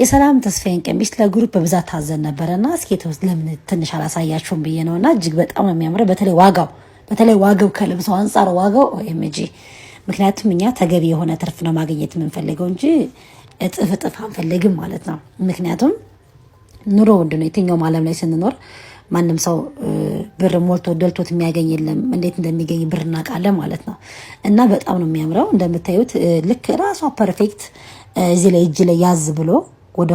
የሰላም ተስፋዬን ቀሚስ ለግሩፕ በብዛት ታዘን ነበረና ውስጥ ለምን ትንሽ አላሳያችሁም ብዬ ነው። እና እጅግ በጣም ነው የሚያምረው። በተለይ ዋጋው በተለይ ዋጋው ከልብሶ አንጻር ዋጋው ኦኤምጂ። ምክንያቱም እኛ ተገቢ የሆነ ትርፍ ነው ማግኘት የምንፈልገው እንጂ እጥፍ እጥፍ አንፈልግም ማለት ነው። ምክንያቱም ኑሮ ውድ ነው። የትኛውም ዓለም ላይ ስንኖር ማንም ሰው ብር ሞልቶ ደልቶት የሚያገኝ የለም። እንዴት እንደሚገኝ ብር እናውቃለን ማለት ነው። እና በጣም ነው የሚያምረው እንደምታዩት ልክ ራሷ ፐርፌክት እዚህ ላይ እጅ ላይ ያዝ ብሎ ወደ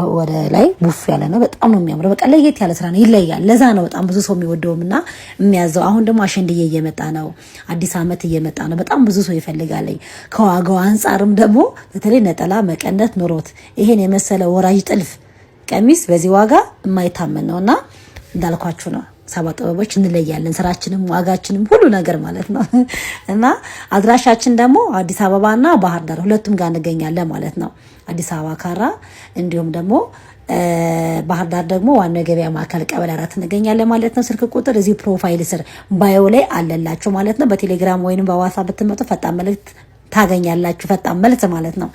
ላይ ቡፍ ያለ ነው። በጣም ነው የሚያምረው። በቃ ለየት ያለ ስራ ነው፣ ይለያል። ለዛ ነው በጣም ብዙ ሰው የሚወደውም እና የሚያዘው። አሁን ደግሞ አሸንድዬ እየመጣ ነው፣ አዲስ አመት እየመጣ ነው። በጣም ብዙ ሰው ይፈልጋለኝ። ከዋጋው አንጻርም ደግሞ በተለይ ነጠላ መቀነት ኖሮት ይሄን የመሰለ ወራጅ ጥልፍ ቀሚስ በዚህ ዋጋ የማይታመን ነው እና እንዳልኳችሁ ነው። ሰባ ጥበቦች እንለያለን። ስራችንም፣ ዋጋችንም ሁሉ ነገር ማለት ነው እና አድራሻችን ደግሞ አዲስ አበባና ባህር ዳር ሁለቱም ጋር እንገኛለን ማለት ነው። አዲስ አበባ ካራ እንዲሁም ደግሞ ባህር ዳር ደግሞ ዋናው የገበያ ማዕከል ቀበሌ አራት እንገኛለን ማለት ነው። ስልክ ቁጥር እዚህ ፕሮፋይል ስር ባዮ ላይ አለላቸው ማለት ነው። በቴሌግራም ወይም በዋሳ ብትመጡ ፈጣን መልእክት ታገኛላችሁ። ፈጣን መልስ ማለት ነው።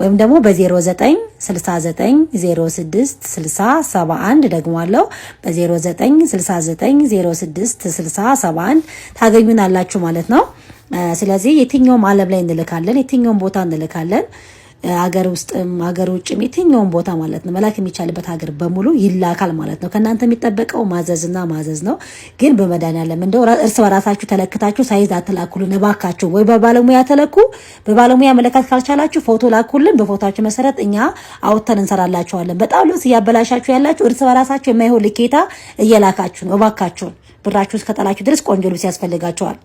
ወይም ደግሞ በ0969066071 ደግሟለው በ0969066071 ታገኙናላችሁ ማለት ነው። ስለዚህ የትኛውም አለም ላይ እንልካለን፣ የትኛውም ቦታ እንልካለን። አገር ውስጥም ሀገር ውጭም የትኛውም ቦታ ማለት ነው መላክ የሚቻልበት ሀገር በሙሉ ይላካል ማለት ነው። ከእናንተ የሚጠበቀው ማዘዝና ማዘዝ ነው። ግን በመድኃኒዓለም እንደው እርስ በራሳችሁ ተለክታችሁ ሳይዝ አትላኩልን እባካችሁ። ወይ በባለሙያ ተለኩ። በባለሙያ መለካት ካልቻላችሁ ፎቶ ላኩልን። በፎቶችሁ መሰረት እኛ አውጥተን እንሰራላችኋለን። በጣም ልብስ እያበላሻችሁ ያላችሁ እርስ በራሳችሁ የማይሆን ልኬታ እየላካችሁ ነው። እባካችሁን ብራችሁ እስከጠላችሁ ድረስ ቆንጆ ልብስ ያስፈልጋችኋል።